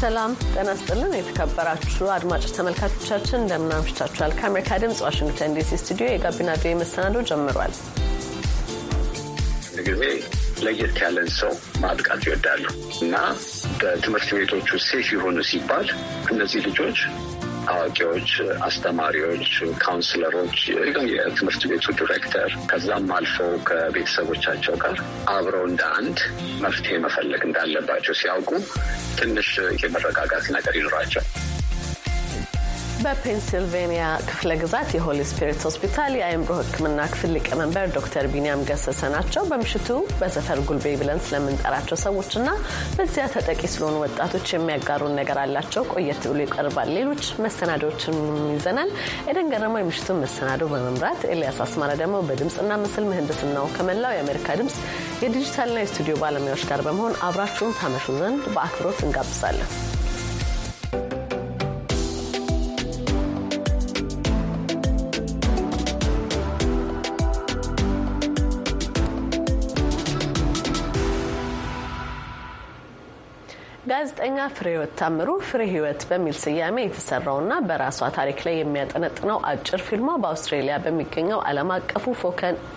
ሰላም ጤና ስጥልን። የተከበራችሁ አድማጭ ተመልካቾቻችን እንደምን አምሽታችኋል? ከአሜሪካ ድምጽ ዋሽንግተን ዲሲ ስቱዲዮ የጋቢና ቪኦኤ መሰናዶ ጀምሯል። ጊዜ ለየት ያለን ሰው ማብቃት ይወዳሉ እና በትምህርት ቤቶቹ ሴፍ ይሆኑ ሲባል እነዚህ ልጆች አዋቂዎች፣ አስተማሪዎች፣ ካውንስለሮች፣ የትምህርት ቤቱ ዲሬክተር ከዛም አልፈው ከቤተሰቦቻቸው ጋር አብረው እንደ አንድ መፍትሄ መፈለግ እንዳለባቸው ሲያውቁ ትንሽ የመረጋጋት ነገር ይኖራቸው በፔንሲልቬኒያ ክፍለ ግዛት የሆሊ ስፒሪት ሆስፒታል የአእምሮ ሕክምና ክፍል ሊቀመንበር ዶክተር ቢኒያም ገሰሰ ናቸው። በምሽቱ በሰፈር ጉልቤ ብለን ስለምንጠራቸው ሰዎችና በዚያ ተጠቂ ስለሆኑ ወጣቶች የሚያጋሩን ነገር አላቸው። ቆየት ብሎ ይቀርባል። ሌሎች መሰናዶዎችን ይዘናል። ኤደን ገረማው የምሽቱን መሰናዶ በመምራት ኤልያስ አስማራ ደግሞ በድምፅና ምስል ምህንድስናው ከመላው የአሜሪካ ድምፅ የዲጂታልና የስቱዲዮ ባለሙያዎች ጋር በመሆን አብራችሁን ታመሹ ዘንድ በአክብሮት እንጋብዛለን። ጋዜጠኛ ፍሬ ታምሩ ፍሬ ህይወት በሚል ስያሜ የተሰራውና በራሷ ታሪክ ላይ የሚያጠነጥነው አጭር ፊልሟ በአውስትሬሊያ በሚገኘው ዓለም አቀፉ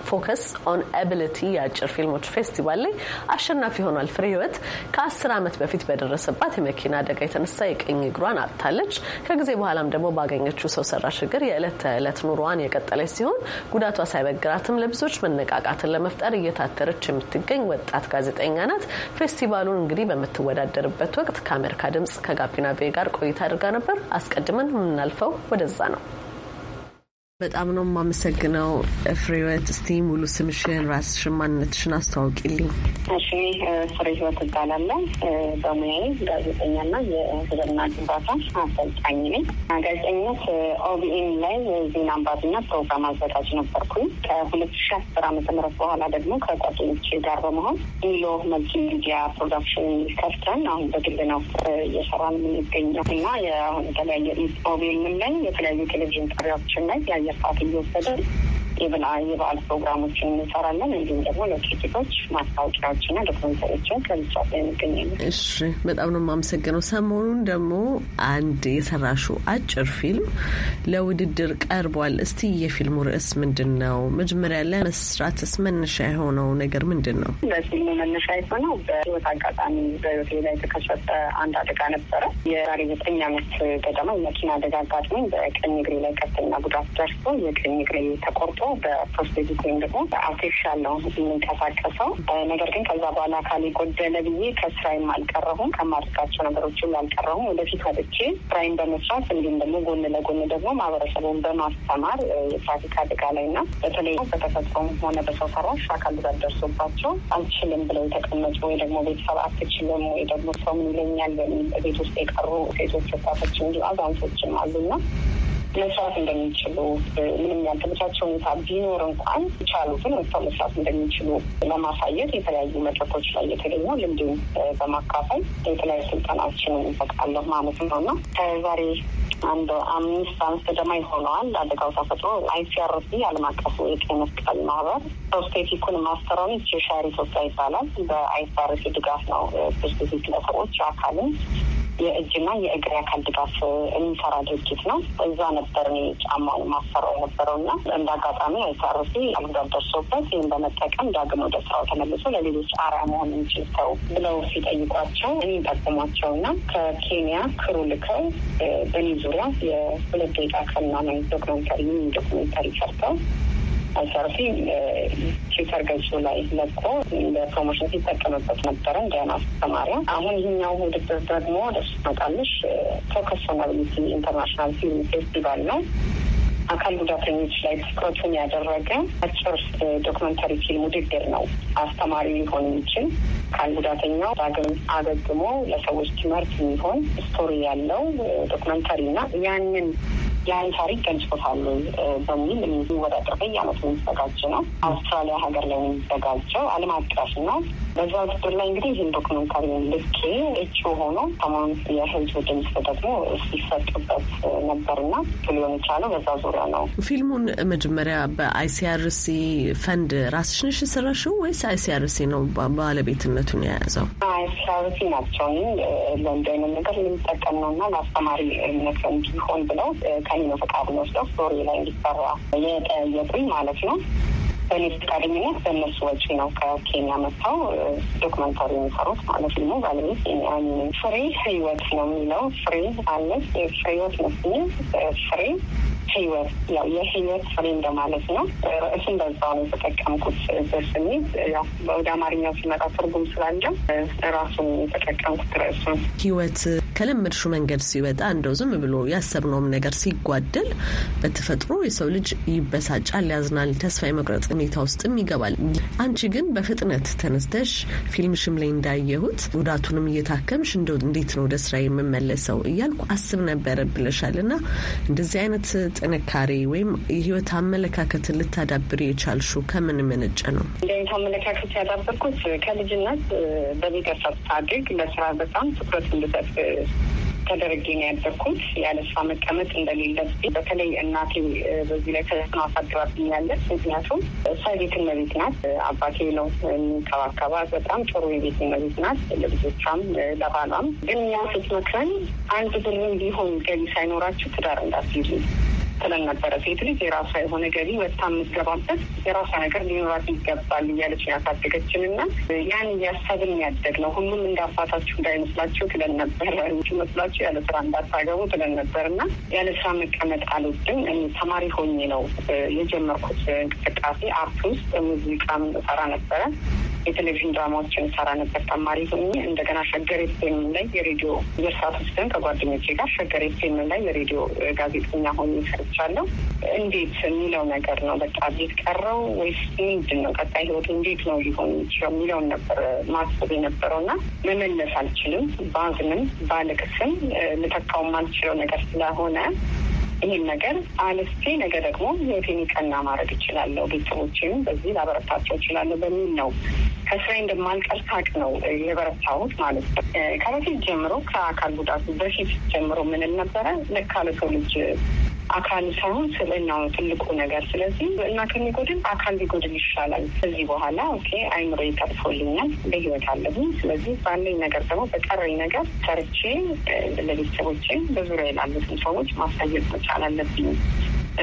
ፎከስ ኦን አቢሊቲ የአጭር ፊልሞች ፌስቲቫል ላይ አሸናፊ ሆኗል። ፍሬ ህይወት ከአስር ዓመት በፊት በደረሰባት የመኪና አደጋ የተነሳ የቀኝ እግሯን አጥታለች። ከጊዜ በኋላም ደግሞ ባገኘችው ሰው ሰራሽ እግር የዕለት ተዕለት ኑሮዋን የቀጠለች ሲሆን ጉዳቷ ሳይበግራትም ለብዙዎች መነቃቃትን ለመፍጠር እየታተረች የምትገኝ ወጣት ጋዜጠኛ ናት። ፌስቲቫሉን እንግዲህ በምትወዳደርበት ወቅት ከአሜሪካ ድምፅ ከጋቢና ቤ ጋር ቆይታ አድርጋ ነበር። አስቀድመን የምናልፈው ወደዛ ነው። በጣም ነው የማመሰግነው ፍሬወት። እስቲ ሙሉ ስምሽን፣ ራስሽን፣ ማንነትሽን አስተዋውቂልኝ። እሺ፣ ፍሬወት እባላለሁ። በሙያዬ ጋዜጠኛና የህብርና ግንባታ አሰልጣኝ ነኝ። ጋዜጠኝነት ኦቢኤን ላይ የዜና አንባቢና ፕሮግራም አዘጋጅ ነበርኩኝ። ከሁለት ሺ አስር ዓመተ ምህረት በኋላ ደግሞ ከጓደኞቼ ጋር በመሆን ሚሎ መልቲ ሚዲያ ፕሮዳክሽን ከፍተን አሁን በግል ነው እየሰራን የምንገኘው እና አሁን የተለያየ ኦቢኤን ላይ የተለያዩ ቴሌቪዥን ጣቢያዎችን ላይ ልፋት እየወሰድን የበዓል ፕሮግራሞችን እንሰራለን። እንዲሁም ደግሞ ለድርጅቶች ማስታወቂያዎችና ዶክመንተሪዎችን ላይ እንገኛለን። እሺ፣ በጣም ነው የማመሰግነው። ሰሞኑን ደግሞ አንድ የሰራሹ አጭር ፊልም ለውድድር ቀርቧል። እስቲ የፊልሙ ርዕስ ምንድን ነው? መጀመሪያ ለመስራትስ መነሻ የሆነው ነገር ምንድን ነው? በፊልሙ መነሻ የሆነው በህይወት አጋጣሚ በህይወቴ ላይ የተከሰተ አንድ አደጋ ነበረ። የዛሬ ዘጠኝ ዓመት ገደማ የመኪና አደጋ አጋጥሞኝ በቀኝ እግሬ ላይ ከፍተኛ ጉዳት ደርሶ የቀኝ እግሬ ተቆርጦ በፕሮስቴቲክ ወይም ደግሞ በአርቴፊሻል ነው የምንቀሳቀሰው። ነገር ግን ከዛ በኋላ አካል የጎደለ ብዬ ከስራዬም አልቀረሁም፣ ከማድረጋቸው ነገሮችም አልቀረሁም። ወደፊት ወጥቼ ስራዬን በመስራት እንዲሁም ደግሞ ጎን ለጎን ደግሞ ማህበረሰቡን በማስተማር የትራፊክ አደጋ ላይ እና በተለይ በተፈጥሮም ሆነ በሰው ሰራሽ አካል ጉዳት ደርሶባቸው አልችልም ብለው የተቀመጡ ወይ ደግሞ ቤተሰብ አትችልም ወይ ደግሞ ሰው ምን ይለኛል በሚል ቤት ውስጥ የቀሩ ሴቶች ወጣቶች፣ እንዲሁ አዛውንቶችም አሉና መስራት እንደሚችሉ ምንም ያልተመቻቸው ሁኔታ ቢኖር እንኳን የቻሉትን ወጥተው መስራት እንደሚችሉ ለማሳየት የተለያዩ መድረኮች ላይ የተገኙ ልምድን በማካፈል የተለያዩ ስልጠናዎችን እንሰጣለን ማለት ነው እና ከዛሬ አንድ አምስት አምስት ገደማ ይሆነዋል አደጋው ተፈጥሮ አይሲአርሲ አለም አቀፉ የቀይ መስቀል ማህበር ፕሮስቴቲኩን ማስተራዊ የሻሪ ኢትዮጵያ ይባላል። በአይሲአርሲ ድጋፍ ነው ፕሮስቴቲክ ለሰዎች አካልን የእጅና የእግር አካል ድጋፍ የሚሰራ ድርጅት ነው። እዛ ነበር እኔ ጫማውን ማሰራው የነበረው እና እንደ አጋጣሚ አይታረሲ አጉዳት ደርሶበት ይህን በመጠቀም ዳግም ወደ ስራው ተመልሶ ለሌሎች አርአያ መሆን የሚችል ሰው ብለው ሲጠይቋቸው እኔ ጠቁሟቸው እና ከኬንያ ክሩ ልከው በእኔ ዙሪያ የሁለት ደቂቃ ከምናምን ዶክመንተሪ ዶክመንተሪ ሰርተው አልሰርፊ ትዊተር ገጹ ላይ ለቆ እንደ ፕሮሞሽን ሲጠቀምበት ነበረ እንዲያና አስተማሪያ። አሁን ይህኛው ውድድር ደግሞ ደስ መጣልሽ ፎከስ ሶናብሊቲ ኢንተርናሽናል ፊልም ፌስቲቫል ነው። አካል ጉዳተኞች ላይ ትኩረቱን ያደረገ አጭር ዶክመንተሪ ፊልም ውድድር ነው። አስተማሪ ሊሆን የሚችል አካል ጉዳተኛው ዳግም አገግሞ ለሰዎች ትምህርት የሚሆን ስቶሪ ያለው ዶክመንተሪ እና ያንን ያን ታሪክ ገልጾታል በሚል የሚወዳደር በየአመቱ የሚዘጋጅ ነው። አውስትራሊያ ሀገር ላይ የሚዘጋጀው አለም አቀፍ ነው። በዛ ውድድር ላይ እንግዲህ ይህን ዶክመንታሪ ልኬ እጩ ሆኖ ሰሞኑን የህዝብ ድምፅ ደግሞ ሲሰጡበት ነበርና ሊሆን የቻለው በዛ ዙሪያ ነው። ፊልሙን መጀመሪያ በአይሲአርሲ ፈንድ ራስሽ ነሽ የሰራሽው ወይስ አይሲአርሲ ነው ባለቤትነቱን የያዘው? አይሲአርሲ ናቸው። ለእንዲ ነገር የሚጠቀም ነው እና ለአስተማሪነት እንዲሆን ብለው ከኔ ነው ፈቃድ ወስደው ስቶሪ ላይ እንዲሰራ የጠየቁኝ ማለት ነው። በእኔ ፈቃደኝነት በእነሱ ወጪ ነው ከኬንያ መጥተው ዶክመንታሪ የሚሰሩት ማለት ነው። ባለቤት ፍሬ ህይወት ነው የሚለው ፍሬ አለች ፍሬወት መስኝ ፍሬ ህይወት ያው የህይወት ፍሬ እንደማለት ነው። ርዕሱን በዛው ነው የተጠቀምኩት በስሜ ያው ወደ አማርኛው ሲመጣ ትርጉም ስላለው ራሱን የተጠቀምኩት ርዕሱን ህይወት ከለመድሹ መንገድ ሲወጣ እንደው ዝም ብሎ ያሰብነውም ነገር ሲጓደል በተፈጥሮ የሰው ልጅ ይበሳጫል፣ ያዝናል፣ ተስፋ የመቁረጥ ሁኔታ ውስጥም ይገባል። አንቺ ግን በፍጥነት ተነስተሽ ፊልምሽም ላይ እንዳየሁት ጉዳቱንም እየታከምሽ እንደው እንዴት ነው ወደ ስራ የምመለሰው እያልኩ አስብ ነበረ ብለሻል። እና እንደዚህ አይነት ጥንካሬ ወይም የህይወት አመለካከትን ልታዳብር የቻልሹ ከምን መነጨ ነው? አመለካከት ያዳበርኩት ከልጅነት በቤተሰብ ታድግ ለስራ በጣም ትኩረት እንድሰጥ ተደረጌ ነው ያደግኩት። ያለሷ መቀመጥ እንደሌለብኝ በተለይ እናቴ በዚህ ላይ ተጽዕኖ አሳድራብኛለች። ምክንያቱም እሷ የቤት እመቤት ናት። አባቴ ነው የሚንከባከባት። በጣም ጥሩ የቤት እመቤት ናት፣ ለልጆቿም ለባሏም። ግን ያ ስትመክረን አንድ ብርም ቢሆን ገቢ ሳይኖራችሁ ትዳር እንዳትይዙ ትለን ነበረ። ሴት ልጅ የራሷ የሆነ ገቢ በጣም የምትገባበት የራሷ ነገር ሊኖራት ይገባል እያለች ያሳደገችን እና ያን እያሰብን ያደግ ነው። ሁሉም እንዳፋታችሁ እንዳይመስላችሁ ትለን ነበር። መስላችሁ ያለ ስራ እንዳታገቡ ትለን ነበር እና ያለ ስራ መቀመጥ አልወድም። ተማሪ ሆኜ ነው የጀመርኩት እንቅስቃሴ። አርት ውስጥ ሙዚቃም እሰራ ነበረ። የቴሌቪዥን ድራማዎችን እሰራ ነበር ተማሪ ሆኜ። እንደገና ሸገር ኤፍኤም ላይ የሬዲዮ ዘርሳት ውስጥን ከጓደኞቼ ጋር ሸገር ኤፍኤም ላይ የሬዲዮ ጋዜጠኛ ሆኜ ሰምቻለሁ። እንዴት የሚለው ነገር ነው። በቃ ቤት ቀረው ወይስ ምንድን ነው ቀጣይ ህይወቱ እንዴት ነው ሊሆን የሚችለው የሚለውን ነበር ማስብ የነበረው እና መመለስ አልችልም። ባዝንም ባልቅስም ልተካውም አልችለው ነገር ስለሆነ ይህን ነገር አለስቴ ነገ ደግሞ ህይወቴን ቀና ማድረግ እችላለሁ፣ ቤተሰቦችም በዚህ ላበረታቸው እችላለሁ በሚል ነው ከስራ እንደማልቀር ሳቅ ነው የበረታሁት ማለት ነው። ከበፊት ጀምሮ ከአካል ጉዳቱ በፊት ጀምሮ ምንል ነበረ ለካ ለሰው ልጅ አካል ሳይሆን ስብዕና ነው ትልቁ ነገር። ስለዚህ እና ከሚጎድል አካል ሊጎድል ይሻላል። ከዚህ በኋላ ኦኬ አይምሮ ይጠርፎልኛል፣ በህይወት አለብኝ። ስለዚህ ባለኝ ነገር ደግሞ በቀረኝ ነገር ሰርቼ ለቤተሰቦቼ፣ በዙሪያ ላሉትን ሰዎች ማሳየት መቻል አለብኝ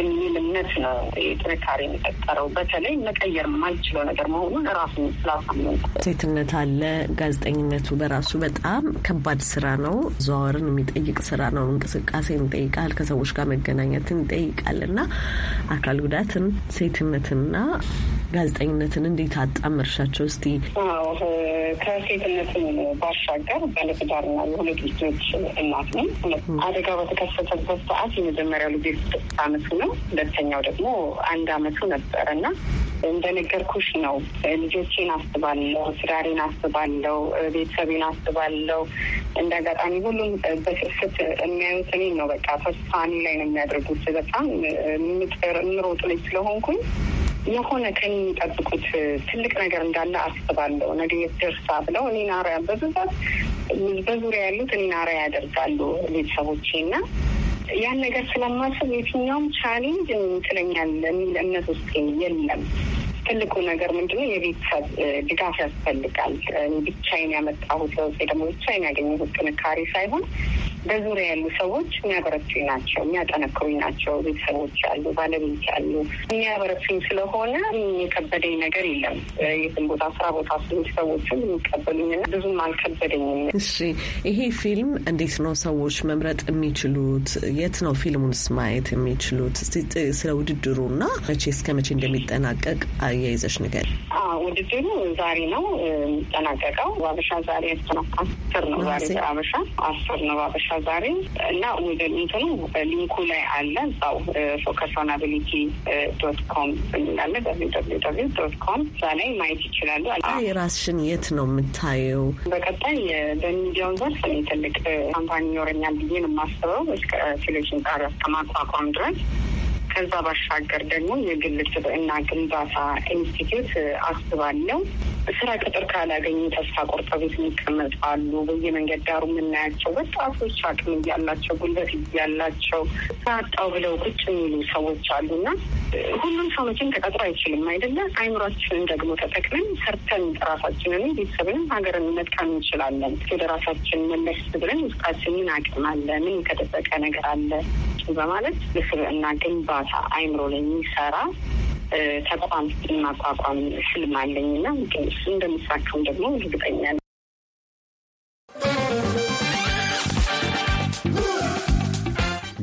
የሚል እምነት ነው ጥንካሬ የሚፈጠረው። በተለይ መቀየር የማይችለው ነገር መሆኑን ራሱ ስላሳምን ሴትነት አለ። ጋዜጠኝነቱ በራሱ በጣም ከባድ ስራ ነው። ዘዋወርን የሚጠይቅ ስራ ነው። እንቅስቃሴን ይጠይቃል። ከሰዎች ጋር መገናኘትን ይጠይቃል እና አካል ጉዳትን ሴትነትና ጋዜጠኝነትን እንዴት አጣመርሻቸው? እስቲ ከሴትነት ባሻገር ባለትዳርና የሁለት ልጆች እናት ነው። አደጋ በተከሰተበት ሰዓት የመጀመሪያው ልጅ ስድስት አመቱ ነው። ሁለተኛው ደግሞ አንድ አመቱ ነበረ እና እንደነገርኩሽ ነው ልጆቼን አስባለው፣ ትዳሬን አስባለው፣ ቤተሰቤን አስባለው። እንደ አጋጣሚ ሁሉም በስስት የሚያዩት እኔን ነው። በቃ ተስፋ እኔ ላይ ነው የሚያደርጉት። በጣም ምሮጥ ልጅ ስለሆንኩኝ የሆነ ከኔ የሚጠብቁት ትልቅ ነገር እንዳለ አስባለሁ። ነገ የት ደርሳ ብለው እኔ ናራያ በብዛት በዙሪያ ያሉት እኔ ናራያ ያደርጋሉ ቤተሰቦቼ እና ያን ነገር ስለማስብ የትኛውም ቻሌንጅ ትለኛል የሚል እምነት ውስጥ የለም። ትልቁ ነገር ምንድነው? የቤተሰብ ድጋፍ ያስፈልጋል። ብቻዬን ያመጣሁት ለውጤ ደግሞ ብቻዬን ያገኘሁት ጥንካሬ ሳይሆን በዙሪያ ያሉ ሰዎች የሚያበረቱኝ ናቸው፣ የሚያጠነክሩኝ ናቸው። ቤተሰቦች አሉ፣ ባለቤት አሉ፣ የሚያበረቱኝ ስለሆነ የከበደኝ ነገር የለም። የትም ቦታ ስራ ቦታ ስሎች ሰዎችም የሚቀበሉኝና ብዙም አልከበደኝም። እሺ፣ ይሄ ፊልም እንዴት ነው ሰዎች መምረጥ የሚችሉት? የት ነው ፊልሙንስ ማየት የሚችሉት? ስለ ውድድሩ እና መቼ እስከ መቼ እንደሚጠናቀቅ አያይዘሽ ንገሪኝ። ውድድሩ ዛሬ ነው የሚጠናቀቀው። ባበሻ ዛሬ ነው አስር ነው ዛሬ ባበሻ አስር ነው ባበሻ ዛሬ እና ወደ እንትኑ ሊንኩ ላይ አለ እዛው ፎከስ ኦን አቢሊቲ ዶት ኮም እንላለ ዶት ኮም እዛ ላይ ማየት ይችላሉ። ራስሽን የት ነው የምታየው? በቀጣይ በሚዲያው ዘርፍ እኔ ትልቅ ካምፓኒ ይኖረኛል ብዬ ነው የማስበው እስከ ቴሌቪዥን ጣቢያ እስከ ድረስ ከዛ ባሻገር ደግሞ የግል ስብዕና ግንባታ ኢንስቲትዩት አስባለው። ስራ ቅጥር ካላገኙ ተስፋ ቆርጠው ቤት የሚቀመጡ አሉ። በየመንገድ ዳሩ የምናያቸው ወጣቶች አቅም እያላቸው ጉልበት እያላቸው ሳጣው ብለው ቁጭ የሚሉ ሰዎች አሉና ሁሉም ሰው መቼም ተቀጥሮ አይችልም አይደለ? አይምሯችንን ደግሞ ተጠቅመን ሰርተን ራሳችንን ቤተሰብንም ሀገርን መጥቀም እንችላለን። ወደ ራሳችን መለስ ብለን ውስጣችን ምን አቅም አለ? ምን የተደበቀ ነገር አለ? በማለት የስብዕና ግንባታ አይምሮ ላይ የሚሰራ ተቋም እናቋቋም ስልም አለኝ እና እንደምስራቸውም ደግሞ እርግጠኛ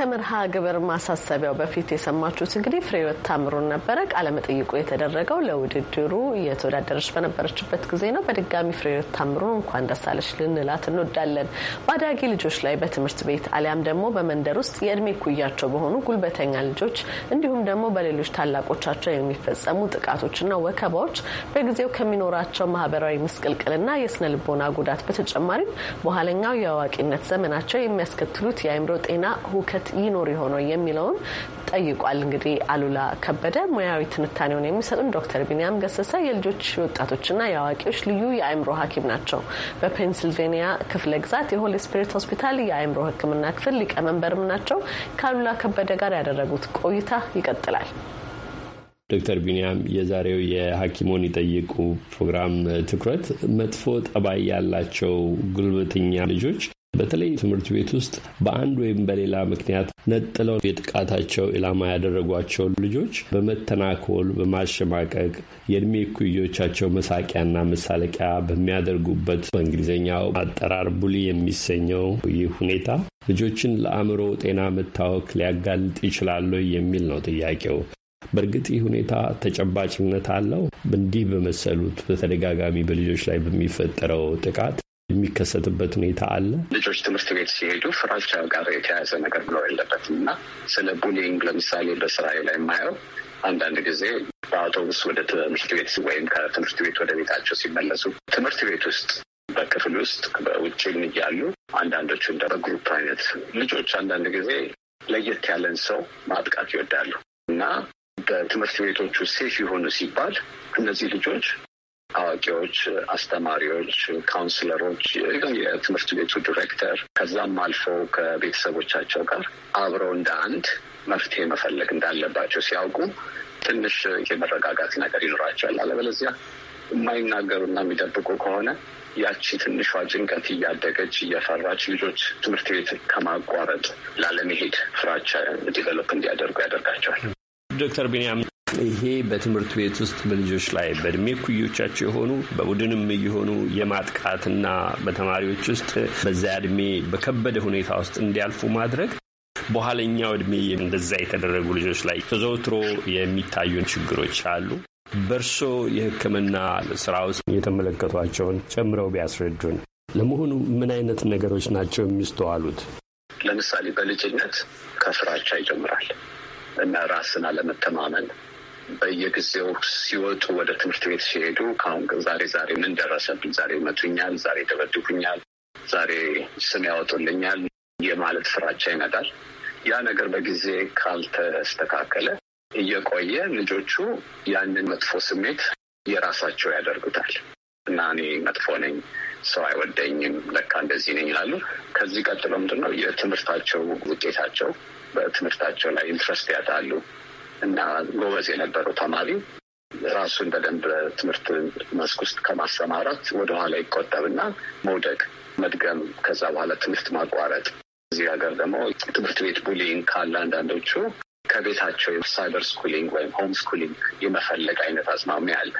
ከመርሃ ግብር ማሳሰቢያው በፊት የሰማችሁት እንግዲህ ፍሬህይወት ታምሩን ነበረ። ቃለመጠይቁ የተደረገው ለውድድሩ እየተወዳደረች በነበረችበት ጊዜ ነው። በድጋሚ ፍሬህይወት ታምሩን እንኳን ደስ አለሽ ልንላት እንወዳለን። በአዳጊ ልጆች ላይ በትምህርት ቤት አሊያም ደግሞ በመንደር ውስጥ የእድሜ ኩያቸው በሆኑ ጉልበተኛ ልጆች እንዲሁም ደግሞ በሌሎች ታላቆቻቸው የሚፈጸሙ ጥቃቶችና ወከባዎች በጊዜው ከሚኖራቸው ማህበራዊ ምስቅልቅልና የስነ ልቦና ጉዳት በተጨማሪም በኋለኛው የአዋቂነት ዘመናቸው የሚያስከትሉት የአእምሮ ጤና ሁከት ይኖር የሆነው የሚለውን ጠይቋል። እንግዲህ አሉላ ከበደ ሙያዊ ትንታኔውን የሚሰጡን ዶክተር ቢንያም ገሰሰ የልጆች ወጣቶችና የአዋቂዎች ልዩ የአእምሮ ሐኪም ናቸው። በፔንስልቬኒያ ክፍለ ግዛት የሆሊ ስፒሪት ሆስፒታል የአእምሮ ሕክምና ክፍል ሊቀመንበርም ናቸው። ከአሉላ ከበደ ጋር ያደረጉት ቆይታ ይቀጥላል። ዶክተር ቢንያም የዛሬው የሐኪሞን ይጠይቁ ፕሮግራም ትኩረት መጥፎ ጠባይ ያላቸው ጉልበተኛ ልጆች በተለይ ትምህርት ቤት ውስጥ በአንድ ወይም በሌላ ምክንያት ነጥለው የጥቃታቸው ኢላማ ያደረጓቸው ልጆች በመተናኮል በማሸማቀቅ የእድሜ ኩዮቻቸው መሳቂያና መሳለቂያ በሚያደርጉበት በእንግሊዝኛው አጠራር ቡሊ የሚሰኘው ይህ ሁኔታ ልጆችን ለአእምሮ ጤና መታወክ ሊያጋልጥ ይችላሉ የሚል ነው ጥያቄው። በእርግጥ ይህ ሁኔታ ተጨባጭነት አለው? እንዲህ በመሰሉት በተደጋጋሚ በልጆች ላይ በሚፈጠረው ጥቃት የሚከሰትበት ሁኔታ አለ። ልጆች ትምህርት ቤት ሲሄዱ ፍራቻ ጋር የተያያዘ ነገር ብሎ የለበትም እና ስለ ቡሊንግ ለምሳሌ በስራዬ ላይ የማየው አንዳንድ ጊዜ በአውቶቡስ ወደ ትምህርት ቤት ወይም ከትምህርት ቤት ወደ ቤታቸው ሲመለሱ ትምህርት ቤት ውስጥ በክፍል ውስጥ በውጭ እያሉ አንዳንዶቹ እንደ በግሩፕ አይነት ልጆች አንዳንድ ጊዜ ለየት ያለን ሰው ማጥቃት ይወዳሉ እና በትምህርት ቤቶቹ ሴፍ የሆኑ ሲባል እነዚህ ልጆች ታዋቂዎች፣ አስተማሪዎች፣ ካውንስለሮች፣ የትምህርት ቤቱ ዲሬክተር ከዛም አልፎ ከቤተሰቦቻቸው ጋር አብረው እንደ አንድ መፍትሄ መፈለግ እንዳለባቸው ሲያውቁ ትንሽ የመረጋጋት ነገር ይኖራቸዋል። አለበለዚያ የማይናገሩና የሚደብቁ ከሆነ ያቺ ትንሿ ጭንቀት እያደገች እየፈራች ልጆች ትምህርት ቤት ከማቋረጥ ላለመሄድ ፍራቻ ዲቨሎፕ እንዲያደርጉ ያደርጋቸዋል። ዶክተር ቢንያም ይሄ በትምህርት ቤት ውስጥ በልጆች ላይ በእድሜ ኩዮቻቸው የሆኑ በቡድንም እየሆኑ የማጥቃትና በተማሪዎች ውስጥ በዚያ እድሜ በከበደ ሁኔታ ውስጥ እንዲያልፉ ማድረግ በኋለኛው እድሜ እንደዛ የተደረጉ ልጆች ላይ ተዘውትሮ የሚታዩን ችግሮች አሉ። በእርሶ የሕክምና ስራ ውስጥ የተመለከቷቸውን ጨምረው ቢያስረዱን። ለመሆኑ ምን አይነት ነገሮች ናቸው የሚስተዋሉት? ለምሳሌ በልጅነት ከፍራቻ ይጀምራል እና ራስን አለመተማመን በየጊዜው ሲወጡ ወደ ትምህርት ቤት ሲሄዱ ከአሁን ዛሬ ዛሬ ምን ደረሰብኝ፣ ዛሬ መቱኛል ዛሬ ይደበድቡኛል፣ ዛሬ ስም ያወጡልኛል የማለት ፍራቻ ይመጣል። ያ ነገር በጊዜ ካልተስተካከለ እየቆየ ልጆቹ ያንን መጥፎ ስሜት የራሳቸው ያደርጉታል እና እኔ መጥፎ ነኝ፣ ሰው አይወደኝም፣ ለካ እንደዚህ ነኝ ይላሉ። ከዚህ ቀጥሎ ምንድነው የትምህርታቸው ውጤታቸው በትምህርታቸው ላይ ኢንትረስት ያጣሉ። እና ጎበዝ የነበረው ተማሪ ራሱን በደንብ ትምህርት መስክ ውስጥ ከማሰማራት ወደኋላ ይቆጠብና መውደቅ፣ መድገም፣ ከዛ በኋላ ትምህርት ማቋረጥ። እዚህ ሀገር ደግሞ ትምህርት ቤት ቡሊንግ ካለ አንዳንዶቹ ከቤታቸው ሳይበር ስኩሊንግ ወይም ሆም ስኩሊንግ የመፈለግ አይነት አዝማሚያ አለ።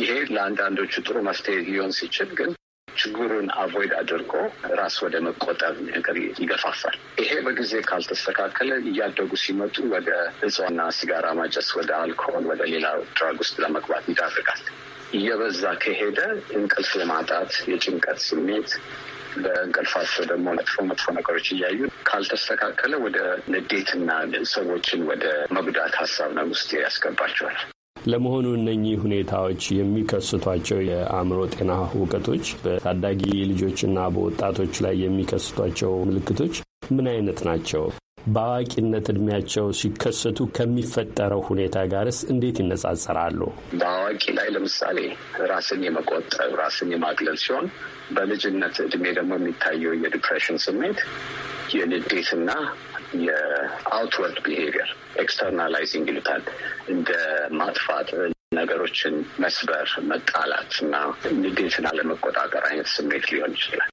ይሄ ለአንዳንዶቹ ጥሩ መፍትሄ ሊሆን ሲችል ግን ችግሩን አቮይድ አድርጎ ራስ ወደ መቆጠብ ነገር ይገፋፋል። ይሄ በጊዜ ካልተስተካከለ እያደጉ ሲመጡ ወደ እጽና ሲጋራ ማጨስ፣ ወደ አልኮል፣ ወደ ሌላ ድራግ ውስጥ ለመግባት ይዳርጋል። እየበዛ ከሄደ እንቅልፍ ለማጣት የጭንቀት ስሜት በእንቅልፋቸው ደግሞ መጥፎ መጥፎ ነገሮች እያዩ ካልተስተካከለ ወደ ንዴትና ሰዎችን ወደ መጉዳት ሀሳብ ነው ውስጥ ያስገባቸዋል። ለመሆኑ እነኚህ ሁኔታዎች የሚከስቷቸው የአእምሮ ጤና እውቀቶች በታዳጊ ልጆችና በወጣቶች ላይ የሚከስቷቸው ምልክቶች ምን አይነት ናቸው? በአዋቂነት እድሜያቸው ሲከሰቱ ከሚፈጠረው ሁኔታ ጋርስ እንዴት ይነጻጸራሉ? በአዋቂ ላይ ለምሳሌ ራስን የመቆጠብ ራስን የማግለል ሲሆን በልጅነት እድሜ ደግሞ የሚታየው የዲፕሬሽን ስሜት የንዴትና የአውትወርድ ቢሄቪየር ኤክስተርናላይዚንግ ይሉታል እንደ ማጥፋት ነገሮችን መስበር፣ መጣላት እና ንዴትን አለመቆጣጠር አይነት ስሜት ሊሆን ይችላል።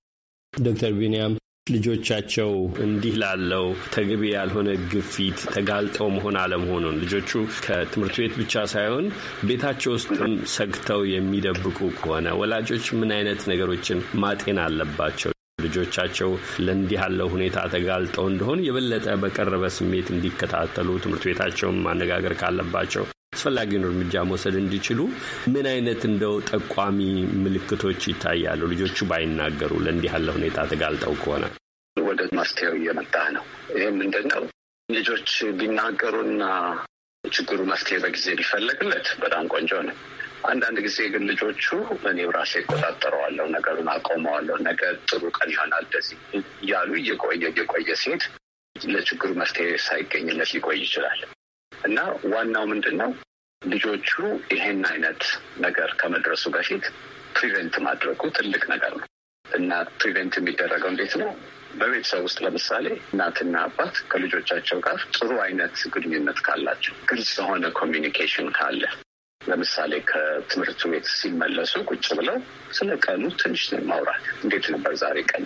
ዶክተር ቢንያም ልጆቻቸው እንዲህ ላለው ተገቢ ያልሆነ ግፊት ተጋልጠው መሆን አለመሆኑን ልጆቹ ከትምህርት ቤት ብቻ ሳይሆን ቤታቸው ውስጥም ሰግተው የሚደብቁ ከሆነ ወላጆች ምን አይነት ነገሮችን ማጤን አለባቸው? ልጆቻቸው ለእንዲህ ያለው ሁኔታ ተጋልጠው እንደሆን የበለጠ በቀረበ ስሜት እንዲከታተሉ ትምህርት ቤታቸውን ማነጋገር ካለባቸው አስፈላጊውን እርምጃ መውሰድ እንዲችሉ ምን አይነት እንደው ጠቋሚ ምልክቶች ይታያሉ? ልጆቹ ባይናገሩ ለእንዲህ ያለ ሁኔታ ተጋልጠው ከሆነ ወደ ማስተያው እየመጣ ነው። ይህ ምንድን ነው? ልጆች ቢናገሩና ችግሩ መፍትሄ በጊዜ ቢፈለግለት በጣም ቆንጆ ነው። አንዳንድ ጊዜ ግን ልጆቹ እኔው ራሴ እቆጣጠረዋለሁ፣ ነገሩን አቆመዋለሁ፣ ነገ ጥሩ ቀን ይሆናል እንደዚህ እያሉ እየቆየ እየቆየ ሴት ለችግሩ መፍትሄ ሳይገኝለት ሊቆይ ይችላል እና ዋናው ምንድን ነው ልጆቹ ይሄን አይነት ነገር ከመድረሱ በፊት ፕሪቨንት ማድረጉ ትልቅ ነገር ነው እና ፕሪቨንት የሚደረገው እንዴት ነው? በቤተሰብ ውስጥ ለምሳሌ እናትና አባት ከልጆቻቸው ጋር ጥሩ አይነት ግንኙነት ካላቸው፣ ግልጽ የሆነ ኮሚኒኬሽን ካለ፣ ለምሳሌ ከትምህርት ቤት ሲመለሱ ቁጭ ብለው ስለ ቀኑ ትንሽ ማውራት፣ እንዴት ነበር ዛሬ ቀን፣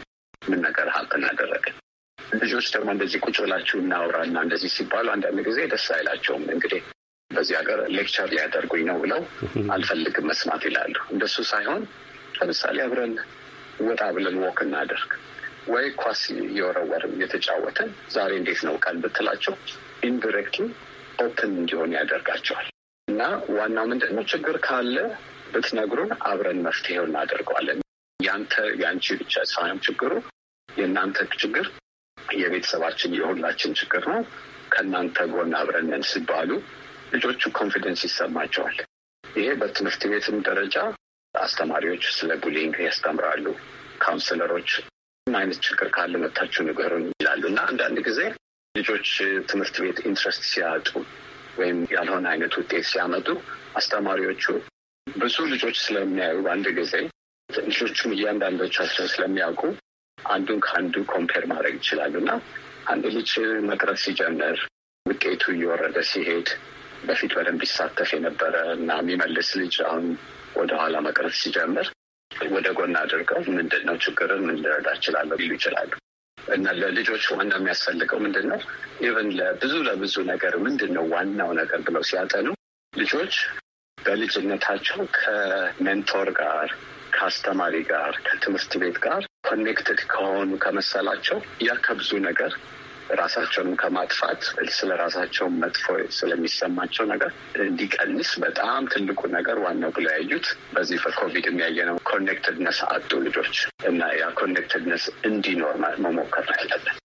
ምን ነገር ሀብን አደረገ። ልጆች ደግሞ እንደዚህ ቁጭ ብላችሁ እናውራ እና እንደዚህ ሲባሉ አንዳንድ ጊዜ ደስ አይላቸውም። እንግዲህ በዚህ ሀገር ሌክቸር ሊያደርጉኝ ነው ብለው አልፈልግም መስማት ይላሉ። እንደሱ ሳይሆን ለምሳሌ አብረን ወጣ ብለን ወክ እናደርግ ወይ ኳስ እየወረወርን እየተጫወተን ዛሬ እንዴት ነው ቀን ብትላቸው ኢንዲሬክትሊ ኦፕን እንዲሆን ያደርጋቸዋል። እና ዋናው ምንድን ነው ችግር ካለ ብትነግሩን አብረን መፍትሄው እናደርገዋለን። ያንተ የአንቺ ብቻ ሳይሆን ችግሩ የእናንተ ችግር የቤተሰባችን የሁላችን ችግር ነው፣ ከእናንተ ጎን አብረን ሲባሉ ልጆቹ ኮንፊደንስ ይሰማቸዋል። ይሄ በትምህርት ቤትም ደረጃ አስተማሪዎች ስለ ቡሊንግ ያስተምራሉ። ካውንስለሮች ምን አይነት ችግር ካለ መታችሁ ንገሩን ይላሉ እና አንዳንድ ጊዜ ልጆች ትምህርት ቤት ኢንትረስት ሲያጡ ወይም ያልሆነ አይነት ውጤት ሲያመጡ አስተማሪዎቹ ብዙ ልጆች ስለሚያዩ በአንድ ጊዜ ልጆቹም እያንዳንዶቻቸው ስለሚያውቁ አንዱን ከአንዱ ኮምፔር ማድረግ ይችላሉ እና አንድ ልጅ መቅረብ ሲጀምር ውጤቱ እየወረደ ሲሄድ በፊት በደንብ ይሳተፍ የነበረ እና የሚመልስ ልጅ አሁን ወደኋላ መቅረብ ሲጀምር ወደ ጎን አድርገው ምንድን ነው ችግርን ምንድረዳ ልረዳ ይሉ ይችላሉ። እና ለልጆች ዋና የሚያስፈልገው ምንድን ነው? ኢቨን ለብዙ ለብዙ ነገር ምንድን ነው ዋናው ነገር ብለው ሲያጠኑ ልጆች በልጅነታቸው ከሜንቶር ጋር ከአስተማሪ ጋር ከትምህርት ቤት ጋር ኮኔክትድ ከሆኑ ከመሰላቸው ያ ከብዙ ነገር ራሳቸውንም ከማጥፋት ስለ ራሳቸውን መጥፎ ስለሚሰማቸው ነገር እንዲቀንስ በጣም ትልቁ ነገር ዋናው ብለው ያዩት በዚህ በኮቪድ የሚያየነው ኮኔክትድነስ አጡ ልጆች እና ያ ኮኔክትድነስ እንዲኖር መሞከር ያለብን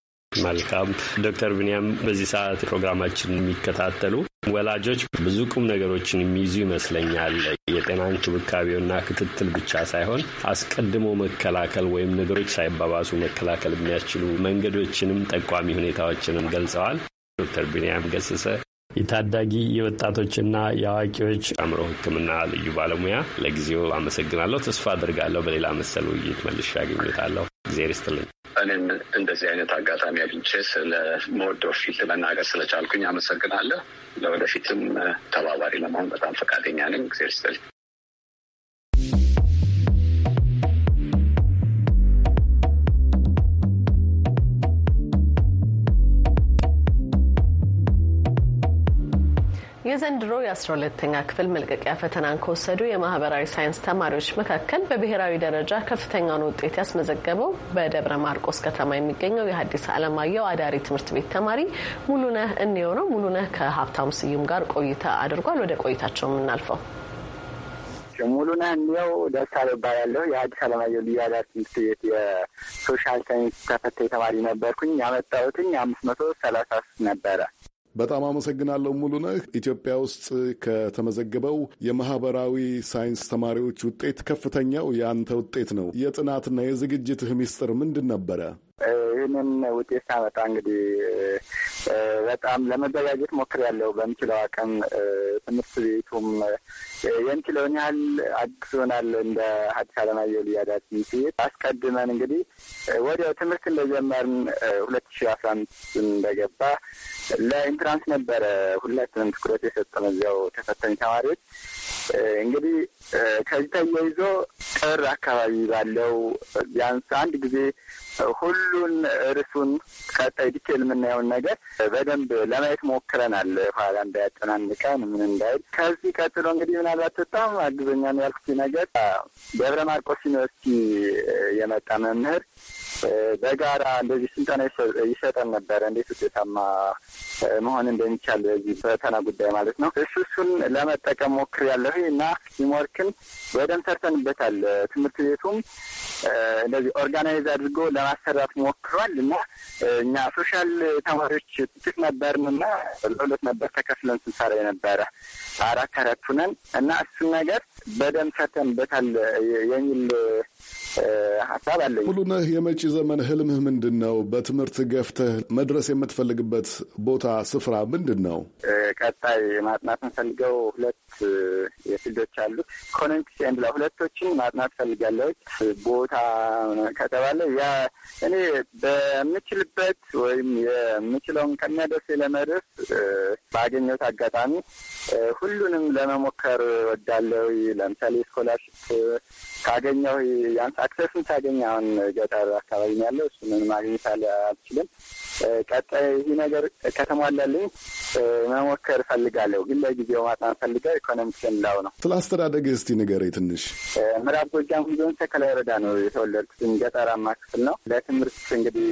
መልካም ዶክተር ብንያም በዚህ ሰዓት ፕሮግራማችን የሚከታተሉ ወላጆች ብዙ ቁም ነገሮችን የሚይዙ ይመስለኛል። የጤና እንክብካቤውና ክትትል ብቻ ሳይሆን አስቀድሞ መከላከል ወይም ነገሮች ሳይባባሱ መከላከል የሚያስችሉ መንገዶችንም ጠቋሚ ሁኔታዎችንም ገልጸዋል። ዶክተር ብንያም ገሰሰ የታዳጊ የወጣቶችና የአዋቂዎች አእምሮ ሕክምና ልዩ ባለሙያ፣ ለጊዜው አመሰግናለሁ። ተስፋ አድርጋለሁ በሌላ መሰል ውይይት መልሼ አገኘዎታለሁ። እግዜር ይስጥልኝ። እኔም እንደዚህ አይነት አጋጣሚ አግኝቼ ስለ መወደው ፊልም መናገር ስለቻልኩኝ አመሰግናለሁ። ለወደፊትም ተባባሪ ለመሆን በጣም ፈቃደኛ ነኝ። እግዜር ይስጥልኝ። የዘንድሮ የ12ተኛ ክፍል መልቀቂያ ፈተናን ከወሰዱ የማህበራዊ ሳይንስ ተማሪዎች መካከል በብሔራዊ ደረጃ ከፍተኛውን ውጤት ያስመዘገበው በደብረ ማርቆስ ከተማ የሚገኘው የሀዲስ አለማየሁ አዳሪ ትምህርት ቤት ተማሪ ሙሉነህ እንየው ነው። ሙሉነህ ከሀብታሙ ስዩም ጋር ቆይታ አድርጓል። ወደ ቆይታቸው የምናልፈው ሙሉነህ እንየው ደስታለ እባላለሁ። የሀዲስ ዓለማየሁ ልዩ አዳሪ ትምህርት ቤት የሶሻል ሳይንስ ተፈታኝ ተማሪ ነበርኩኝ። ያመጣሁትኝ አምስት መቶ ሰላሳ ነበረ። በጣም አመሰግናለሁ ሙሉነህ። ኢትዮጵያ ውስጥ ከተመዘገበው የማህበራዊ ሳይንስ ተማሪዎች ውጤት ከፍተኛው የአንተ ውጤት ነው። የጥናትና የዝግጅትህ ሚስጥር ምንድን ነበረ? ይህንን ውጤት ሳመጣ እንግዲህ በጣም ለመዘጋጀት ሞክሬያለሁ። በምችለው አቅም ትምህርት ቤቱም የምችለውን ያህል አግዞናል። እንደ ሐዲስ ዓለማየሁ ልያዳት ሲሄድ አስቀድመን እንግዲህ ወዲያው ትምህርት እንደጀመርን ሁለት ሺህ አስራ አምስት እንደገባ ለኢንትራንስ ነበረ ሁላችንም ትኩረት የሰጠን እዚያው ተፈተኝ ተማሪዎች እንግዲህ ከዚህ ተያይዞ ጥር አካባቢ ባለው ቢያንስ አንድ ጊዜ ሁሉን ርሱን ቀጣይ ዲቴል የምናየውን ነገር በደንብ ለማየት ሞክረናል። ኋላ እንዳያጨናንቀን ምን እንዳይል። ከዚህ ቀጥሎ እንግዲህ ምናልባት በጣም አግዘኛም ያልኩት ነገር ደብረ ማርቆስ ዩኒቨርሲቲ የመጣ መምህር በጋራ እንደዚህ ስልጠና ይሰጠን ነበረ እንዴት ውጤታማ መሆን እንደሚቻል በዚህ ፈተና ጉዳይ ማለት ነው። እሱ እሱን ለመጠቀም ሞክር ያለሁ እና ቲምወርክን በደንብ ሰርተንበታል። ትምህርት ቤቱም እንደዚህ ኦርጋናይዝ አድርጎ ለማሰራት ሞክሯል እና እኛ ሶሻል ተማሪዎች ጥቂት ነበርን እና ለሁለት ነበር ተከፍለን ስንሰራ የነበረ አራት አራት ሁነን እና እሱን ነገር በደንብ ሰርተንበታል የሚል ሀሳብ አለኝ። ሙሉነህ፣ የመጪ ዘመን ህልምህ ምንድን ነው? በትምህርት ገፍተህ መድረስ የምትፈልግበት ቦታ ስፍራ ምንድን ነው? ቀጣይ ማጥናት የምፈልገው ሁለት የፊልዶች አሉ። ኢኮኖሚክስ ብላ ሁለቶችን ማጥናት ፈልጋለች። ቦታ ከተባለ ያ እኔ በምችልበት ወይም የምችለውን ከሚያደርስ ለመድረስ ባገኘሁት አጋጣሚ ሁሉንም ለመሞከር ወዳለው ለምሳሌ ስኮላርሽፕ ካገኘሁ ያንሳ አክሰስን ታገኝ አሁን ገጠር አካባቢ ያለው እሱ ምን ማግኘት አልችልም። ቀጣይ ይህ ነገር ከተሟላልኝ መሞከር ፈልጋለሁ፣ ግን ለጊዜው ማጣን ፈልገ ኢኮኖሚክስ ላው ነው። ስለ አስተዳደግ እስቲ ንገረኝ ትንሽ። ምዕራብ ጎጃም ዞን ተከላ ወረዳ ነው የተወለድኩትኝ። ገጠራማ ክፍል ነው። ለትምህርት እንግዲህ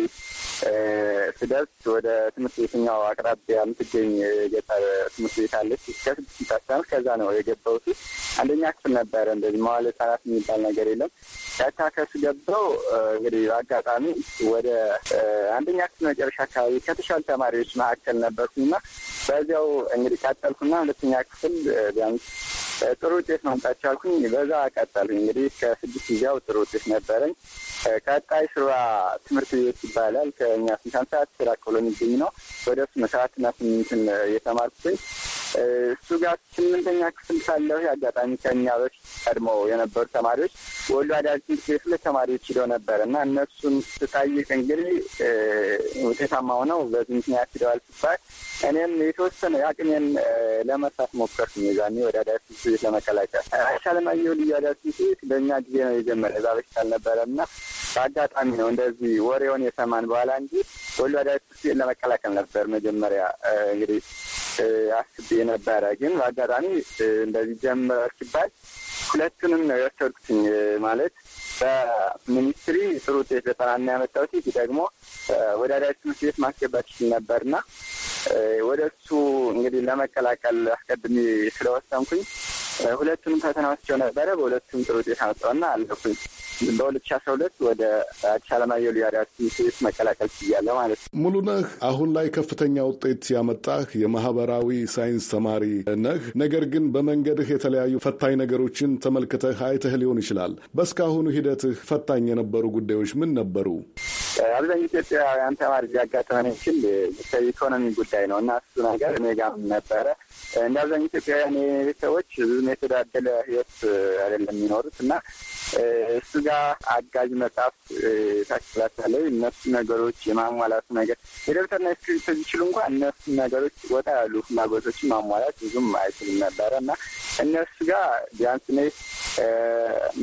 ስደርስ ወደ ትምህርት ቤትኛው አቅራቢያ የምትገኝ የገጠር ትምህርት ቤት አለች። ከስድስት ታስተምር ከዛ ነው የገባሁት። አንደኛ ክፍል ነበረ። እንደዚህ መዋለ ሰራት የሚባል ነገር የለም። ከታከሱ ገብተው እንግዲህ አጋጣሚ ወደ አንደኛ ክፍል መጨረሻ መጨረሻ አካባቢ ከተሻሉ ተማሪዎች መካከል ነበርኩና በዚያው እንግዲህ ቀጠልኩና ሁለተኛ ክፍል ቢያንስ ጥሩ ውጤት ማምጣት ቻልኩኝ። በዛ ቀጠልኩኝ እንግዲህ ከስድስት ጊዜያው ጥሩ ውጤት ነበረኝ። ቀጣይ ስራ ትምህርት ቤት ይባላል። ከእኛ ስንሳን ሰዓት ስራቅ ብሎ የሚገኝ ነው። ወደ እሱ ሰዓትና ስምንትን የተማርኩኝ እሱ ጋር ስምንተኛ ክፍል ሳለሁ አጋጣሚ ከኛ በፊት ቀድሞ የነበሩ ተማሪዎች ወሎ አዳሪ ትምህርት ቤት ሁለት ተማሪዎች ሂደው ነበር እና እነሱን ስታይቅ እንግዲህ ውጤታማ ሆነው በዚህ ምክንያት ሂደዋል ሲባል እኔም የተወሰነ አቅሜን ለመርሳት ሞከርኩ። የዛኔ ወደ አዳሲ ቤት ለመቀላቀል አሻለማየሁ ልዩ አዳሲ ቤት በእኛ ጊዜ ነው የጀመረ። እዛ በሽታ አልነበረም እና በአጋጣሚ ነው እንደዚህ ወሬውን የሰማን በኋላ እንጂ ወሎ አዳሲ ቤት ለመቀላቀል ነበር መጀመሪያ እንግዲህ አስቤ ነበረ። ግን በአጋጣሚ እንደዚህ ጀምረ ሲባል ሁለቱንም ነው የወሰድኩትኝ ማለት በሚኒስትሪ ጥሩ ውጤት ዘጠናና እና ያመጣሁት ደግሞ ወዳዳች ትምህርት ቤት ማስገባት ይችል ነበርና ወደ እሱ እንግዲህ ለመቀላቀል አስቀድሜ ስለወሰንኩኝ ሁለቱንም ፈተና ወስጄው ነበረ። በሁለቱም ጥሩ ውጤት አመጣሁና አለፍኩኝ። በሁለት ሺ አስራ ሁለት ወደ አዲስ አለማየሁ ልዩ አዳሪ ትምህርት ቤት መቀላቀል ችያለሁ ማለት ነው። ሙሉ ነህ አሁን ላይ ከፍተኛ ውጤት ያመጣህ የማህበራዊ ሳይንስ ተማሪ ነህ። ነገር ግን በመንገድህ የተለያዩ ፈታኝ ነገሮችን ተመልክተህ አይተህ ሊሆን ይችላል። በእስካሁኑ ሂደትህ ፈታኝ የነበሩ ጉዳዮች ምን ነበሩ? አብዛኛው ኢትዮጵያውያን ተማሪ ሊያጋጥመን ይችል የኢኮኖሚ ጉዳይ ነው እና እሱ ነገር እኔ ጋርም ነበረ እንደ አብዛኛው ኢትዮጵያውያን ቤተሰቦች ብዙ ብዙም የተዳደለ ህይወት አይደለም የሚኖሩት እና እሱ ጋር አጋዥ መጽሐፍ ታችላታለ እነሱ ነገሮች የማሟላቱ ነገር የደብተርና ስክሪፕት ቢችሉ እንኳ እነሱ ነገሮች ወጣ ያሉ ፍላጎቶችን ማሟላት ብዙም አይችልም ነበረ እና እነሱ ጋር ቢያንስ እኔ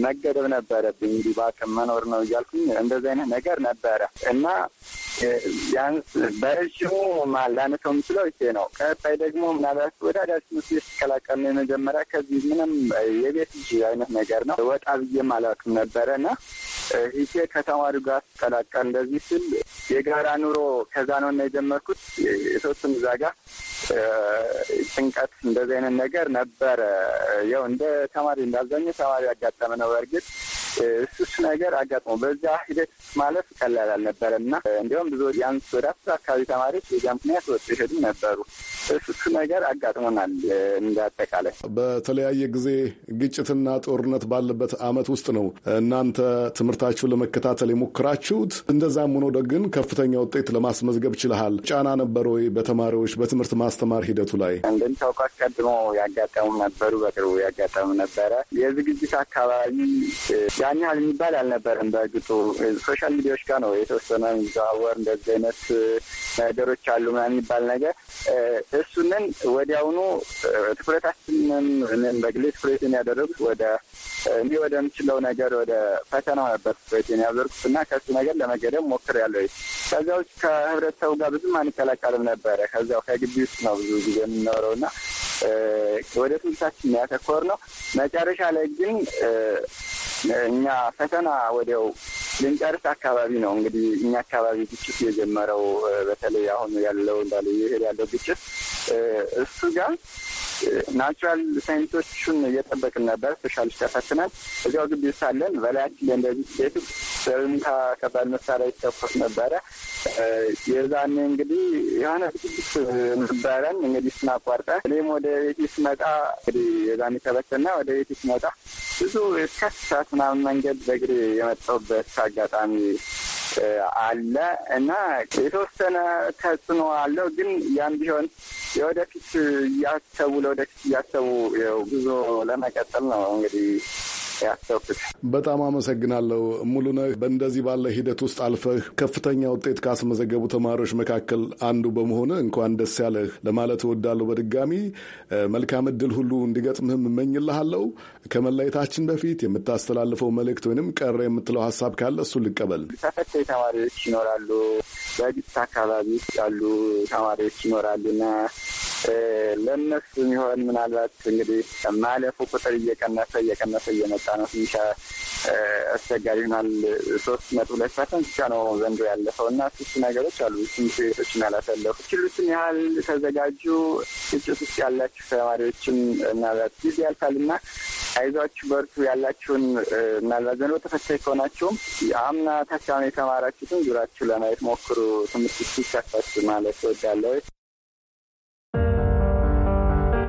መገደብ ነበረብኝ። እንዲህ በአቅም መኖር ነው እያልኩኝ እንደዚህ አይነት ነገር ነበረ እና ቢያንስ በረዥሙ ማላነተው የምችለው ይሄ ነው። ቀጣይ ደግሞ ምናልባት ወደ አዳሽ ምስ ስቀላቀል ነው የመጀመሪያ ከዚህ ምንም የቤት ልጅ አይነት ነገር ነው። ወጣ ብዬም አላውቅም ነበረና ይሄ ከተማሪው ጋር ስቀላቀል እንደዚህ ስል የጋራ ኑሮ ከዛ ነው እና የጀመርኩት የሶስትም እዛ ጋር ጭንቀት እንደዚህ አይነት ነገር ነበረ። ያው እንደ ተማሪ እንደ ተማሪ ያጋጠመ ነው በእርግጥ እሱስ ነገር አጋጥሞ በዛ ሂደት ማለፍ ቀላል አልነበረም እና እንዲሁም ብዙ ቢያንስ ወደ አስር አካባቢ ተማሪዎች በዛ ምክንያት ወጡ ይሄዱ ነበሩ። እሱ ነገር አጋጥሞናል። እንደ አጠቃላይ በተለያየ ጊዜ ግጭትና ጦርነት ባለበት አመት ውስጥ ነው እናንተ ትምህርታችሁን ለመከታተል የሞክራችሁት። እንደዛም ሆኖ ግን ከፍተኛ ውጤት ለማስመዝገብ ችልሃል። ጫና ነበር ወይ በተማሪዎች በትምህርት ማስተማር ሂደቱ ላይ? እንደምታውቀው አስቀድሞ ያጋጠሙ ነበሩ፣ በቅርቡ ያጋጠሙ ነበረ የዝግጅት አካባቢ ያን ያህል የሚባል አልነበረም። በእርግጡ ሶሻል ሚዲያዎች ጋር ነው የተወሰነ የሚዘዋወር እንደዚህ አይነት ነገሮች አሉ ምናምን የሚባል ነገር እሱንን ወዲያውኑ ትኩረታችንን በግሌ ትኩረትን ያደረጉት ወደ እኔ ወደምችለው ነገር ወደ ፈተናው ነበር ትኩረትን ያዘርኩት እና ከሱ ነገር ለመገደብ ሞክሬያለሁ። ከዚያ ውጭ ከህብረተሰቡ ጋር ብዙም አንቀላቀልም ነበረ። ከዚያው ከግቢ ውስጥ ነው ብዙ ጊዜ የምንኖረው እና ወደ ትምህርታችን ያተኮር ነው። መጨረሻ ላይ ግን እኛ ፈተና ወዲያው ልንጨርስ አካባቢ ነው እንግዲህ እኛ አካባቢ ግጭት የጀመረው በተለይ አሁን ያለው እንዳለ ይሄድ ያለው ግጭት እሱ ጋር ናቹራል ሳይንሶቹን እየጠበቅን ነበር። ስፔሻሊስት ያፈትናል። እዚያው ግቢ ሳለን በላያችን ላይ እንደዚህ ቤቱ በሚታ ከባድ መሳሪያ ይተኮስ ነበረ። የዛኔ እንግዲህ የሆነ ስድስት ነበረን እንግዲህ ስናቋርጠ እኔም ወደ ቤት ስመጣ እንግዲህ የዛኔ ተበትና ወደ ቤት ስመጣ ብዙ እስከ ሰዓት ምናምን መንገድ በእግሬ የመጣሁበት አጋጣሚ አለ እና የተወሰነ ተጽዕኖ አለው። ግን ያም ቢሆን የወደፊት እያሰቡ ለወደፊት እያሰቡ ጉዞ ለመቀጠል ነው እንግዲህ ያሰብኩት። በጣም አመሰግናለሁ ሙሉነህ። በእንደዚህ ባለ ሂደት ውስጥ አልፈህ ከፍተኛ ውጤት ካስመዘገቡ ተማሪዎች መካከል አንዱ በመሆን እንኳን ደስ ያለህ ለማለት እወዳለሁ። በድጋሚ መልካም እድል ሁሉ እንዲገጥምህም እመኝልሃለሁ። ከመለየታችን በፊት የምታስተላልፈው መልእክት ወይንም ቀረ የምትለው ሀሳብ ካለ እሱን ልቀበል። ተፈታኝ ተማሪዎች ይኖራሉ፣ በግጭት አካባቢ ውስጥ ያሉ ተማሪዎች ይኖራሉና ለእነሱ የሚሆን ምናልባት እንግዲህ ማለፉ ቁጥር እየቀነሰ እየቀነሰ እየመጣ ነው። ትንሽ አስቸጋሪ ይሆናል። ሶስት ነጥብ ሁለት ፐርሰንት ብቻ ነው ዘንድሮ ያለፈው እና ስስ ነገሮች አሉ። ትምህርት ቤቶችን ያላሳለፉ ችሉትን ያህል ተዘጋጁ። ግጭት ውስጥ ያላችሁ ተማሪዎችን ምናልባት ጊዜ ያልፋል እና አይዟችሁ በርቱ ያላችሁን ምናልባት ዘንድሮ ተፈታኝ ከሆናችሁም አምና ታካሚ የተማራችሁትን ዙራችሁ ለማየት ሞክሩ። ትምህርት ሲከፈት ማለት ወዳለ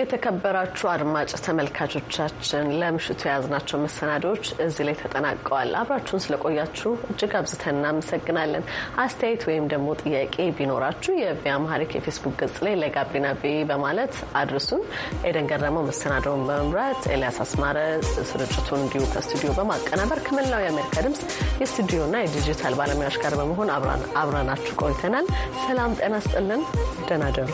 የተከበራችሁ አድማጭ ተመልካቾቻችን ለምሽቱ የያዝናቸው መሰናዶዎች እዚህ ላይ ተጠናቀዋል። አብራችሁን ስለቆያችሁ እጅግ አብዝተን እናመሰግናለን። አስተያየት ወይም ደግሞ ጥያቄ ቢኖራችሁ የቪያ ማሪክ የፌስቡክ ገጽ ላይ ለጋቢና ቪ በማለት አድርሱን። ኤደን ገረመው መሰናዶውን በመምራት ኤልያስ አስማረ ስርጭቱን እንዲሁ ከስቱዲዮ በማቀናበር ከመላው የአሜሪካ ድምፅ የስቱዲዮና የዲጂታል ባለሙያዎች ጋር በመሆን አብረናችሁ ቆይተናል። ሰላም ጤና ስጥልን። ደህና ደሩ።